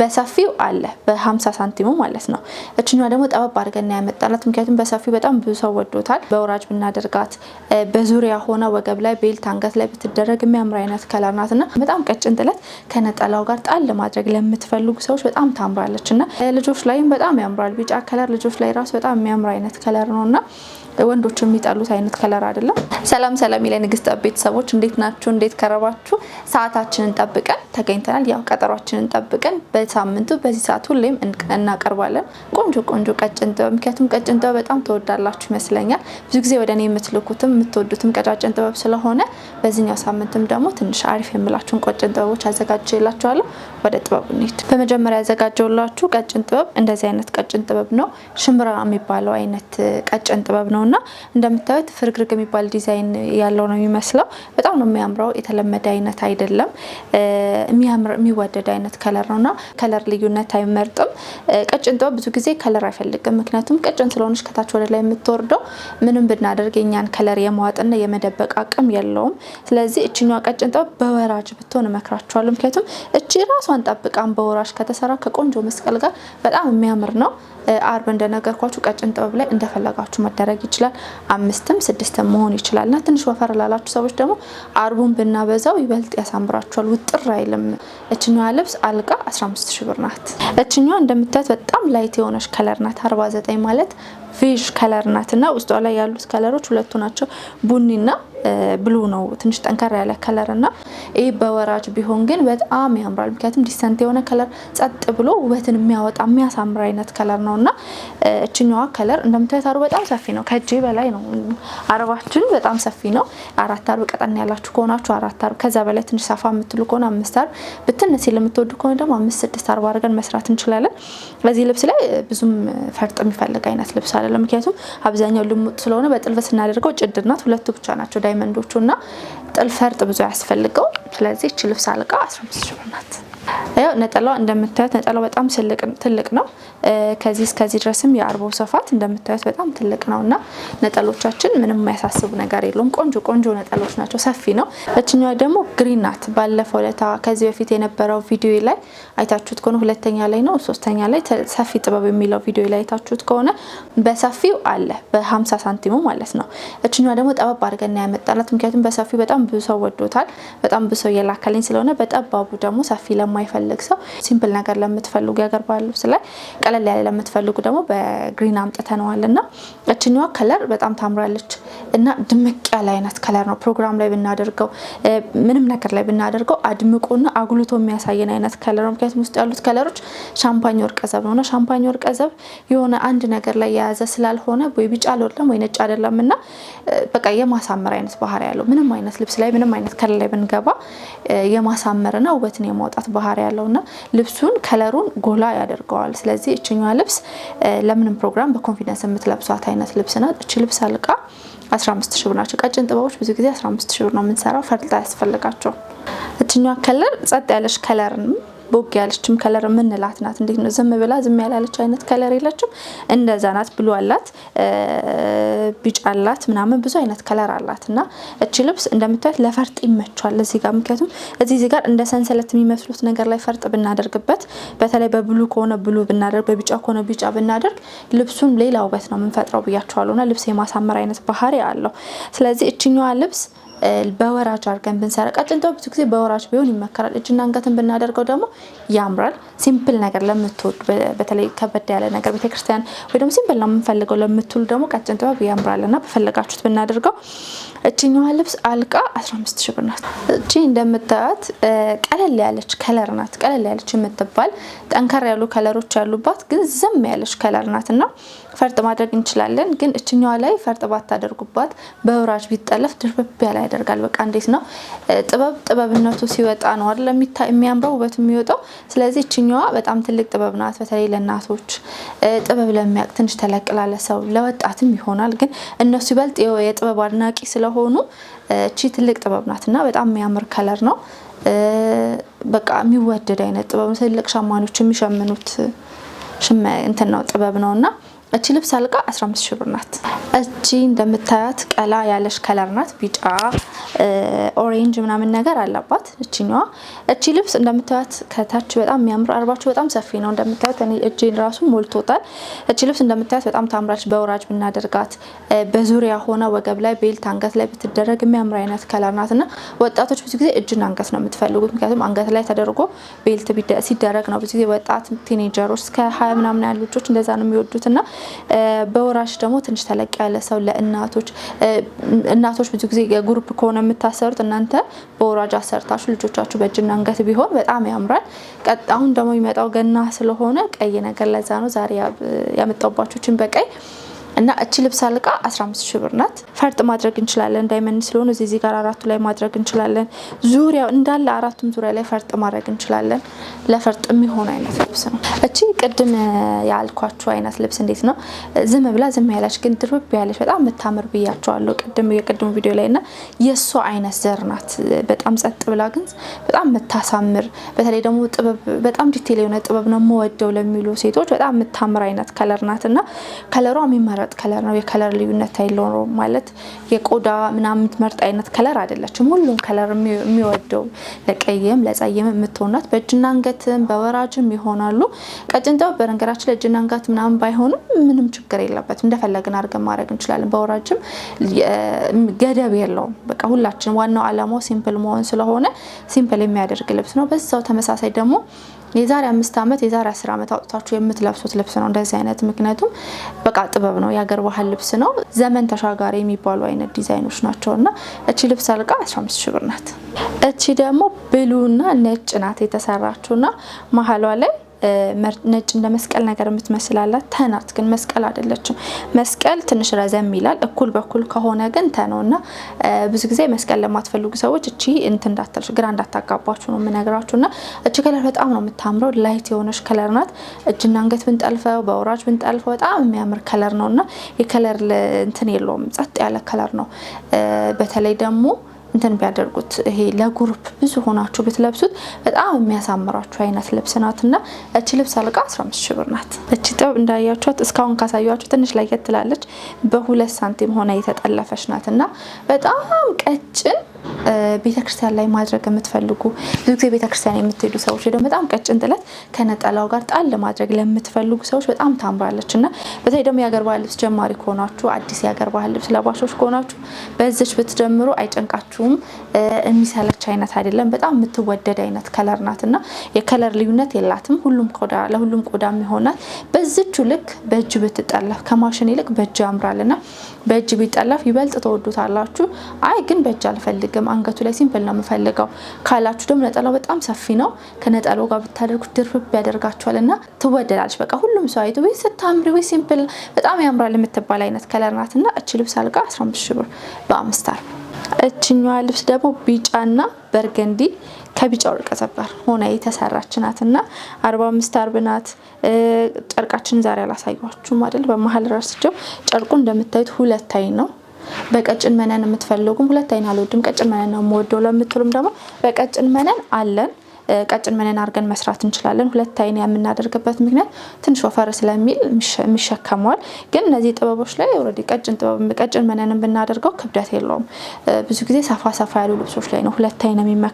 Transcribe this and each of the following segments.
በሰፊው አለ በ50 ሳንቲሙ ማለት ነው። እችኛ ደግሞ ጠበብ አድርገን ያመጣላት ምክንያቱም በሰፊው በጣም ብዙ ሰው ወዶታል። በወራጅ ብናደርጋት በዙሪያ ሆነ ወገብ ላይ ቤልት አንገት ላይ ብትደረግ የሚያምር አይነት ከለር ናት እና በጣም ቀጭን ጥለት ከነጠላው ጋር ጣል ለማድረግ ለምትፈልጉ ሰዎች በጣም ታምራለች እና ልጆች ላይም በጣም ያምራል። ቢጫ ከለር ልጆች ላይ ራሱ በጣም የሚያምር አይነት ከለር ነው እና ወንዶች የሚጠሉት አይነት ከለር አይደለም። ሰላም ሰላም የላይ ንግስት ቤተሰቦች እንዴት ናችሁ? እንዴት ከረባችሁ? ሰዓታችንን ጠብቀን ተገኝተናል። ያው ቀጠሯችንን ጠብቀን በሳምንቱ በዚህ ሰዓት ሁሌም እናቀርባለን። ቆንጆ ቆንጆ ቀጭን ጥበብ፣ ምክንያቱም ቀጭን ጥበብ በጣም ተወዳላችሁ ይመስለኛል። ብዙ ጊዜ ወደ እኔ የምትልኩትም የምትወዱትም ቀጫጭን ጥበብ ስለሆነ በዚህኛው ሳምንትም ደግሞ ትንሽ አሪፍ የምላችሁን ቀጭን ጥበቦች አዘጋጅላችኋለሁ። ወደ ጥበቡ እንሂድ። በመጀመሪያ ያዘጋጀውላችሁ ቀጭን ጥበብ እንደዚህ አይነት ቀጭን ጥበብ ነው። ሽምራ የሚባለው አይነት ቀጭን ጥበብ ነው እና እንደምታዩት ፍርግርግ የሚባል ዲዛይን ያለው ነው የሚመስለው። በጣም ነው የሚያምረው። የተለመደ አይነት አይደለም፣ የሚያምር የሚወደድ አይነት ከለር ነው እና ከለር ልዩነት አይመርጥም። ቀጭን ጥበብ ብዙ ጊዜ ከለር አይፈልግም፣ ምክንያቱም ቀጭን ስለሆነች ከታች ወደ ላይ የምትወርደው ምንም ብናደርግ የኛን ከለር የማዋጥና የመደበቅ አቅም የለውም። ስለዚህ እችኛ ቀጭን ጥበብ በወራጅ ብትሆን እመክራችኋለሁ፣ ምክንያቱም እቺ ራሷን ጠብቃን በወራጅ ከተሰራ ከቆንጆ መስቀል ጋር በጣም የሚያምር ነው። አርብ እንደነገርኳችሁ ቀጭን ጥበብ ላይ እንደፈለጋችሁ መደረግ ይችላል። አምስትም ስድስትም መሆን ይችላል እና ትንሽ ወፈር ላላችሁ ሰዎች ደግሞ አርቡን ብናበዛው ይበልጥ ያሳምራችኋል፣ ውጥር አይልም። እችኛዋ ልብስ አልጋ 15 ሺ ብር ናት። እችኛዋ እንደምታዩት በጣም ላይት የሆነች ከለር ናት። 49 ማለት ፊሽ ከለር ናት እና ውስጧ ላይ ያሉት ከለሮች ሁለቱ ናቸው፣ ቡኒና ብሉ ነው። ትንሽ ጠንከር ያለ ከለር እና ይህ በወራጅ ቢሆን ግን በጣም ያምራል። ምክንያቱም ዲሰንት የሆነ ከለር ጸጥ ብሎ ውበትን የሚያወጣ የሚያሳምር አይነት ከለር ነው እና እችኛዋ ከለር እንደምታዩት አሩ በጣም ሰፊ ነው። ከእጄ በላይ ነው አረባችን በጣም ሰፊ ነው። አራት አርብ ቀጠን ያላችሁ ከሆናችሁ አራት አርብ፣ ከዛ በላይ ትንሽ ሰፋ የምትሉ ከሆነ አምስት አርብ፣ ብትን ሲል የምትወዱ ከሆነ ደግሞ አምስት ስድስት አርብ አድርገን መስራት እንችላለን። በዚህ ልብስ ላይ ብዙም ፈርጥ የሚፈልግ አይነት ልብስ አይደለም። ምክንያቱም አብዛኛው ልሙጥ ስለሆነ በጥልፍ ስናደርገው ጭድ ናት። ሁለቱ ብቻ ናቸው ዳይመንዶቹ እና ጥልፍ ፈርጥ ብዙ ያስፈልገው። ስለዚህ እቺ ልብስ አልቃ 15 ሺህ ብር ናት። ያው ነጠላዋ እንደምታዩት ነጠላው በጣም ትልቅ ነው። ከዚህ እስከዚህ ድረስም የአርቦ ሰፋት እንደምታዩት በጣም ትልቅ ነው እና ነጠሎቻችን ምንም የሚያሳስቡ ነገር የለውም። ቆንጆ ቆንጆ ነጠሎች ናቸው። ሰፊ ነው። እችኛዋ ደግሞ ግሪን ናት። ባለፈው ለታ ከዚህ በፊት የነበረው ቪዲዮ ላይ አይታችሁት ከሆነ ሁለተኛ ላይ ነው ሶስተኛ ላይ ሰፊ ጥበብ የሚለው ቪዲዮ ላይ አይታችሁት ከሆነ በሰፊው አለ በ50 ሳንቲሙ ማለት ነው። እችኛዋ ደግሞ ጠበብ አድርገን ያመጣላት ምክንያቱም በሰፊው በጣም ብዙ ሰው ወዶታል። በጣም ብዙ ሰው እየላከልኝ ስለሆነ በጠባቡ ደግሞ ሰፊ ለማ ለማይፈልግ ሰው ሲምፕል ነገር ለምትፈልጉ የአገር ባህል ልብስ ላይ ቀለል ያለ ለምትፈልጉ ደግሞ በግሪን አምጥተነዋል እና እችኛዋ ከለር በጣም ታምራለች እና ድምቅ ያለ አይነት ከለር ነው። ፕሮግራም ላይ ብናደርገው ምንም ነገር ላይ ብናደርገው አድምቆና አጉልቶ የሚያሳየን አይነት ከለር ነው። ምክንያቱም ውስጥ ያሉት ከለሮች ሻምፓኝ ወርቀ ዘብ ነው ነውና ሻምፓኝ ወርቀ ዘብ የሆነ አንድ ነገር ላይ የያዘ ስላልሆነ ወይ ቢጫ አልወለም ወይ ነጭ አይደለም እና በቃ የማሳመር አይነት ባህሪ ያለው ምንም አይነት ልብስ ላይ ምንም አይነት ከለር ላይ ብንገባ የማሳመርና ውበትን የማውጣት ባህሪ ባህሪ ያለው እና ልብሱን ከለሩን ጎላ ያደርገዋል። ስለዚህ እችኛዋ ልብስ ለምንም ፕሮግራም በኮንፊደንስ የምትለብሷት አይነት ልብስ ናት። እች ልብስ አልቃ 15 ሺ ብር ናቸው። ቀጭን ጥበቦች ብዙ ጊዜ 15 ሺ ብር ነው የምንሰራው። ፈልጣ ያስፈልጋቸው። እችኛዋ ከለር ጸጥ ያለች ከለርንም ቦግ ያለችም ከለር የምንላት ናት። እንዴት ነው ዝም ብላ ዝም ያላለች አይነት ከለር የለችም፣ እንደዛ ናት። ብሎ አላት ቢጫ አላት ምናምን ብዙ አይነት ከለር አላት። እና እቺ ልብስ እንደምታዩት ለፈርጥ ይመቸዋል እዚህ ጋር። ምክንያቱም እዚህ እዚህ ጋር እንደ ሰንሰለት የሚመስሉት ነገር ላይ ፈርጥ ብናደርግበት፣ በተለይ በብሉ ከሆነ ብሉ ብናደርግ፣ በቢጫ ከሆነ ቢጫ ብናደርግ ልብሱን ሌላ ውበት ነው የምንፈጥረው ብያቸዋለሁ። እና ልብስ የማሳመር አይነት ባህሪ አለው። ስለዚህ እችኛዋ ልብስ በወራጅ አድርገን ብንሰራ፣ ቀጭን ብዙ ጊዜ በወራጅ ቢሆን ይመከራል። እጅና አንገትን ብናደርገው ደግሞ ያምራል። ሲምፕል ነገር ለምትወዱ በተለይ ከበድ ያለ ነገር ቤተክርስቲያን ወይ ደግሞ ሲምፕል ነው የምንፈልገው ለምትሉ ደግሞ ቀጭን ጥበብ ያምራል እና በፈለጋችሁት ብናደርገው እችኛዋ ልብስ አልቃ 15 ሺ ብር ናት። እቺ እንደምታዩት ቀለል ያለች ከለር ናት። ቀለል ያለች የምትባል ጠንከር ያሉ ከለሮች ያሉባት ግን ዝም ያለች ከለር ናት እና ፈርጥ ማድረግ እንችላለን። ግን እችኛዋ ላይ ፈርጥ ባታደርጉባት በውራጅ ቢጠለፍ ድርብብ ያለ ያደርጋል። በቃ እንዴት ነው ጥበብ ጥበብነቱ ሲወጣ ነው አይደል የሚያምረው ውበት የሚወጣው። ስለዚህ እችኛዋ በጣም ትልቅ ጥበብ ናት። በተለይ ለእናቶች ጥበብ ለሚያውቅ ትንሽ ተለቅላለ ሰው ለወጣትም ይሆናል። ግን እነሱ ይበልጥ የጥበብ አድናቂ ስለሆነ ስለሆኑ እቺ ትልቅ ጥበብ ናትና በጣም የሚያምር ከለር ነው። በቃ የሚወደድ አይነት ጥበብ ትልቅ ሸማኔዎች የሚሸምኑት እንትን ነው ጥበብ ነውና እቺ ልብስ አልቃ 15 ሺህ ብር ናት። እቺ እንደምታያት ቀላ ያለሽ ከለር ናት። ቢጫ ኦሬንጅ ምናምን ነገር አላባት እችኛዋ። እቺ ልብስ እንደምታያት ከታች በጣም የሚያምር አርባችሁ በጣም ሰፊ ነው እንደምታያት። እኔ እጄን ራሱ ሞልቶታል። እቺ ልብስ እንደምታያት በጣም ታምራች። በወራጅ ብናደርጋት በዙሪያ ሆነ ወገብ ላይ ቤልት አንገት ላይ ብትደረግ የሚያምር አይነት ከለር ናት እና ወጣቶች ብዙ ጊዜ እጅን አንገት ነው የምትፈልጉት። ምክንያቱም አንገት ላይ ተደርጎ ቤልት ሲደረግ ነው ብዙ ጊዜ ወጣት ቲኔጀሮች እስከ ሀያ ምናምን ያሉ ልጆች እንደዛ ነው የሚወዱት እና በወራሽ ደግሞ ትንሽ ተለቅ ያለ ሰው ለእናቶች እናቶች ብዙ ጊዜ የግሩፕ ከሆነ የምታሰሩት እናንተ በወራጅ አሰርታችሁ ልጆቻችሁ በእጅና አንገት ቢሆን በጣም ያምራል። ቀጣሁን ደግሞ የሚመጣው ገና ስለሆነ ቀይ ነገር ለዛ ነው ዛሬ ያመጣባችሁችን በቀይ እና እቺ ልብስ አልቃ 15 ሺህ ብር ናት። ፈርጥ ማድረግ እንችላለን። ዳይመንድ ስለሆኑ እዚህ እዚህ ጋር አራቱ ላይ ማድረግ እንችላለን። ዙሪያው እንዳለ አራቱም ዙሪያ ላይ ፈርጥ ማድረግ እንችላለን። ለፈርጥ የሚሆን አይነት ልብስ ነው። እቺ ቅድም ያልኳችሁ አይነት ልብስ እንዴት ነው ዝም ብላ ዝም ያለች ግን ድርብ ያለች በጣም የምታምር ብያቸዋለሁ ቅድም የቅድሙ ቪዲዮ ላይ እና የእሷ አይነት ዘር ናት። በጣም ጸጥ ብላ ግን በጣም የምታሳምር በተለይ ደግሞ ጥበብ በጣም ዲቴል የሆነ ጥበብ ነው የምወደው ለሚሉ ሴቶች በጣም የምታምር አይነት ከለር ናት እና ከለሯ የሚመረ የሚመረጥ ከለር ነው። የከለር ልዩነት አይለውም ማለት የቆዳ ምናምን የምትመርጥ አይነት ከለር አይደለችም። ሁሉም ከለር የሚወደው ለቀይም ለጸይም የምትሆናት በእጅና አንገትም በወራጅም ይሆናሉ። ቀጭን ጃው በነገራችን ለእጅና አንገት ምናምን ባይሆንም ምንም ችግር የለበት እንደፈለግን አድርገን ማድረግ እንችላለን። በወራጅም ገደብ የለውም። በቃ ሁላችን ዋናው አላማው ሲምፕል መሆን ስለሆነ ሲምፕል የሚያደርግ ልብስ ነው። በዛው ተመሳሳይ ደግሞ የዛሬ አምስት ዓመት የዛሬ አስር ዓመት አውጥታችሁ የምትለብሱት ልብስ ነው እንደዚህ አይነት። ምክንያቱም በቃ ጥበብ ነው፣ የሀገር ባህል ልብስ ነው። ዘመን ተሻጋሪ የሚባሉ አይነት ዲዛይኖች ናቸው እና እቺ ልብስ አልቃ 15 ሺ ብር ናት። እቺ ደግሞ ብሉና ነጭ ናት የተሰራችውና መሀሏ ላይ ነጭ እንደ መስቀል ነገር የምትመስላላት ተናት፣ ግን መስቀል አይደለችም። መስቀል ትንሽ ረዘም ይላል። እኩል በኩል ከሆነ ግን ተ እና ብዙ ጊዜ መስቀል ለማትፈልጉ ሰዎች እቺ እንት እንዳታልሽ ግራ እንዳታጋባችሁ ነው የምነግራችሁ። እና እቺ ከለር በጣም ነው የምታምረው። ላይት የሆነች ከለር ናት። እጅና አንገት ብንጠልፈው፣ በወራጅ ብንጠልፈው በጣም የሚያምር ከለር ነው እና የከለር እንትን የለውም። ጸጥ ያለ ከለር ነው። በተለይ ደግሞ እንትን ቢያደርጉት ይሄ ለግሩፕ ብዙ ሆናችሁ ብትለብሱት በጣም የሚያሳምራችሁ አይነት ልብስ ናት እና እቺ ልብስ አልቃ 15 ሽብር ብር ናት። እቺ ጥበብ እንዳያችኋት እስካሁን ካሳያችሁ ትንሽ ለየት ትላለች። በሁለት ሳንቲም ሆነ የተጠለፈች ናት እና በጣም ቀጭን ቤተክርስቲያን ላይ ማድረግ የምትፈልጉ ብዙ ጊዜ ቤተክርስቲያን የምትሄዱ ሰዎች ደግሞ በጣም ቀጭን ጥለት ከነጠላው ጋር ጣል ለማድረግ ለምትፈልጉ ሰዎች በጣም ታምራለች እና በተለይ ደግሞ የአገር ባህል ልብስ ጀማሪ ከሆናችሁ አዲስ የአገር ባህል ልብስ ለባሾች ከሆናችሁ በዚች ብትጀምሩ አይጨንቃችሁም። የሚሰለች አይነት አይደለም። በጣም የምትወደድ አይነት ከለር ናት እና የከለር ልዩነት የላትም። ሁሉም ቆዳ ለሁሉም ቆዳ የሚሆናት በዝቹ ልክ በእጅ ብትጠለፍ ከማሽን ይልቅ በእጅ ያምራል እና በእጅ ቢጠለፍ ይበልጥ ተወዱታላችሁ። አይ ግን በእጅ አልፈልግም አንገቱ ላይ ሲምፕል ነው የምፈልገው ካላችሁ ደግሞ ነጠላው በጣም ሰፊ ነው። ከነጠላው ጋር ብታደርጉት ድርብ ያደርጋችኋል እና ትወደዳለች። በቃ ሁሉም ሰው አይቶ ወይ ስታምሪ ወይ ሲምፕል በጣም ያምራል የምትባል አይነት ከለር ናት እና እች ልብስ አልጋ 15 ሺ ብር በአምስት አርብ። እችኛዋ ልብስ ደግሞ ቢጫና በርገንዲ ከቢጫ ወርቀ ዘበር ሆነ የተሰራች ናት እና አርባ አምስት አርብ ናት። ጨርቃችን ዛሬ አላሳያችሁም አይደል? በመሀል ረስቸው ጨርቁ እንደምታዩት ሁለት አይን ነው። በቀጭን መነን የምትፈልጉም ሁለት አይን አልወድም ቀጭን መነን ነው የምወደው ለምትሉም ደግሞ በቀጭን መነን አለን። ቀጭን መነን አድርገን መስራት እንችላለን። ሁለት አይን የምናደርግበት ምክንያት ትንሽ ወፈር ስለሚል የሚሸከመዋል። ግን እነዚህ ጥበቦች ላይ ኦልሬዲ ቀጭን ጥበብ ቀጭን መነንን ብናደርገው ክብደት የለውም። ብዙ ጊዜ ሰፋ ሰፋ ያሉ ልብሶች ላይ ነው ሁለት አይን እና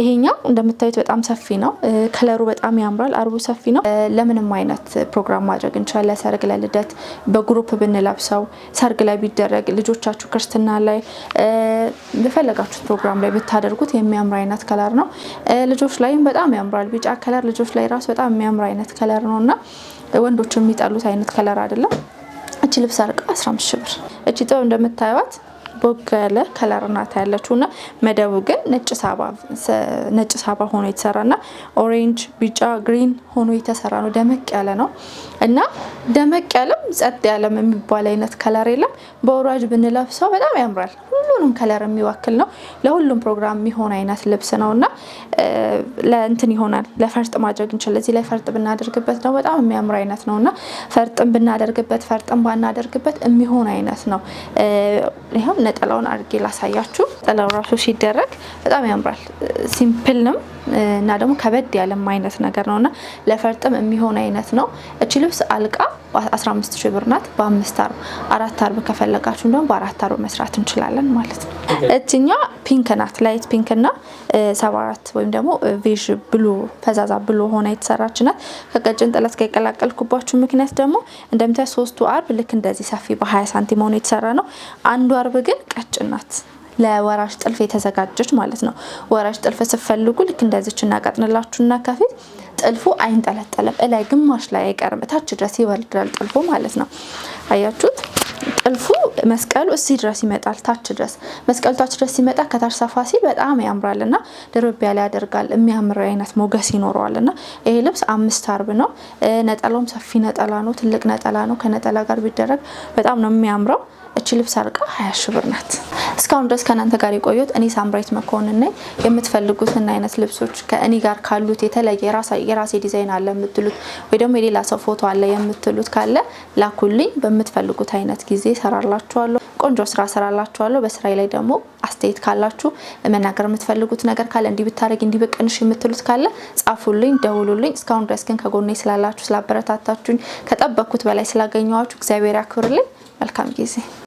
ይሄኛው እንደምታዩት በጣም ሰፊ ነው። ከለሩ በጣም ያምራል። አርቡ ሰፊ ነው። ለምንም አይነት ፕሮግራም ማድረግ እንችላለን። ለሰርግ፣ ለልደት በግሩፕ ብንለብሰው፣ ሰርግ ላይ ቢደረግ፣ ልጆቻችሁ ክርስትና ላይ በፈለጋችሁት ፕሮግራም ላይ ብታደርጉት የሚያምር አይነት ከለር ነው። ልጆች ላይም በጣም ያምራል። ቢጫ ከለር ልጆች ላይ ራሱ በጣም የሚያምር አይነት ከለር ነው እና ወንዶች የሚጠሉት አይነት ከለር አይደለም። እቺ ልብስ አርቃ 15 ሺ ብር። እቺ ጥበብ እንደምታዩት ቦግ ያለ ከለር ናት ያለችው እና መደቡ ግን ነጭ ሳባ ሆኖ የተሰራ እና ኦሬንጅ፣ ቢጫ፣ ግሪን ሆኖ የተሰራ ነው። ደመቅ ያለ ነው እና ደመቅ ያለም ጸጥ ያለም የሚባል አይነት ከለር የለም። በወራጅ ብንለብሰው በጣም ያምራል። ሁሉንም ከለር የሚወክል ነው። ለሁሉም ፕሮግራም የሚሆን አይነት ልብስ ነው እና ለእንትን ይሆናል። ለፈርጥ ማድረግ እንችል። እዚህ ላይ ፈርጥ ብናደርግበት ነው በጣም የሚያምር አይነት ነው እና ፈርጥን ብናደርግበት፣ ፈርጥን ባናደርግበት የሚሆን አይነት ነው። ይኸው ነጠላውን አድርጌ ላሳያችሁ። ነጠላው ራሱ ሲደረግ በጣም ያምራል። ሲምፕልም እና ደግሞ ከበድ ያለም አይነት ነገር ነው እና ለፈርጥም የሚሆን አይነት ነው። እቺ ልብስ አልቃ 15 ሺህ ብር ናት። በአምስት አርብ አራት አርብ ከፈለጋችሁ ደግሞ በአራት አርብ መስራት እንችላለን ማለት ማለት ነው። እችኛ ፒንክ ናት፣ ላይት ፒንክ እና ሰባ አራት ወይም ደግሞ ቬዥ ብሉ ፈዛዛ ብሉ ሆና የተሰራች ናት። ከቀጭን ጥለት ጋር የቀላቀልኩባችሁ ምክንያት ደግሞ እንደምታይ ሶስቱ አርብ ልክ እንደዚህ ሰፊ በ20 ሳንቲም ሆኖ የተሰራ ነው። አንዱ አርብ ግን ቀጭን ናት። ለወራሽ ጥልፍ የተዘጋጀች ማለት ነው። ወራሽ ጥልፍ ስትፈልጉ ልክ እንደዚች እናቀጥንላችሁና ከፊት ጥልፉ አይንጠለጠልም። እላይ ግማሽ ላይ አይቀርም፣ እታች ድረስ ይወርዳል ጥልፉ ማለት ነው። አያችሁት? ጥልፉ መስቀሉ እዚህ ድረስ ይመጣል። ታች ድረስ መስቀሉ ታች ድረስ ሲመጣ ከታች ሰፋ ሲል በጣም ያምራል እና ድርብ ያለ ያደርጋል። የሚያምር አይነት ሞገስ ይኖረዋል እና ይሄ ልብስ አምስት አርብ ነው። ነጠላውም ሰፊ ነጠላ ነው፣ ትልቅ ነጠላ ነው። ከነጠላ ጋር ቢደረግ በጣም ነው የሚያምረው። እቺ ልብስ አልቃ ሀያ ሺ ብር ናት። እስካሁን ድረስ ከእናንተ ጋር የቆየሁት እኔ ሳምራይት መኮንን ነኝ። የምትፈልጉትን አይነት ልብሶች ከእኔ ጋር ካሉት የተለየ የራሴ ዲዛይን አለ የምትሉት ወይ ደግሞ የሌላ ሰው ፎቶ አለ የምትሉት ካለ ላኩልኝ። በምትፈልጉት አይነት ጊዜ ሰራላችኋለሁ። ቆንጆ ስራ ሰራላችኋለሁ። በስራዬ ላይ ደግሞ አስተያየት ካላችሁ መናገር የምትፈልጉት ነገር ካለ እንዲህ ብታደረግ እንዲህ ብቅንሽ የምትሉት ካለ ጻፉልኝ፣ ደውሉልኝ። እስካሁን ድረስ ግን ከጎኔ ስላላችሁ ስላበረታታችሁኝ ከጠበቅኩት በላይ ስላገኘዋችሁ እግዚአብሔር ያክብርልኝ። መልካም ጊዜ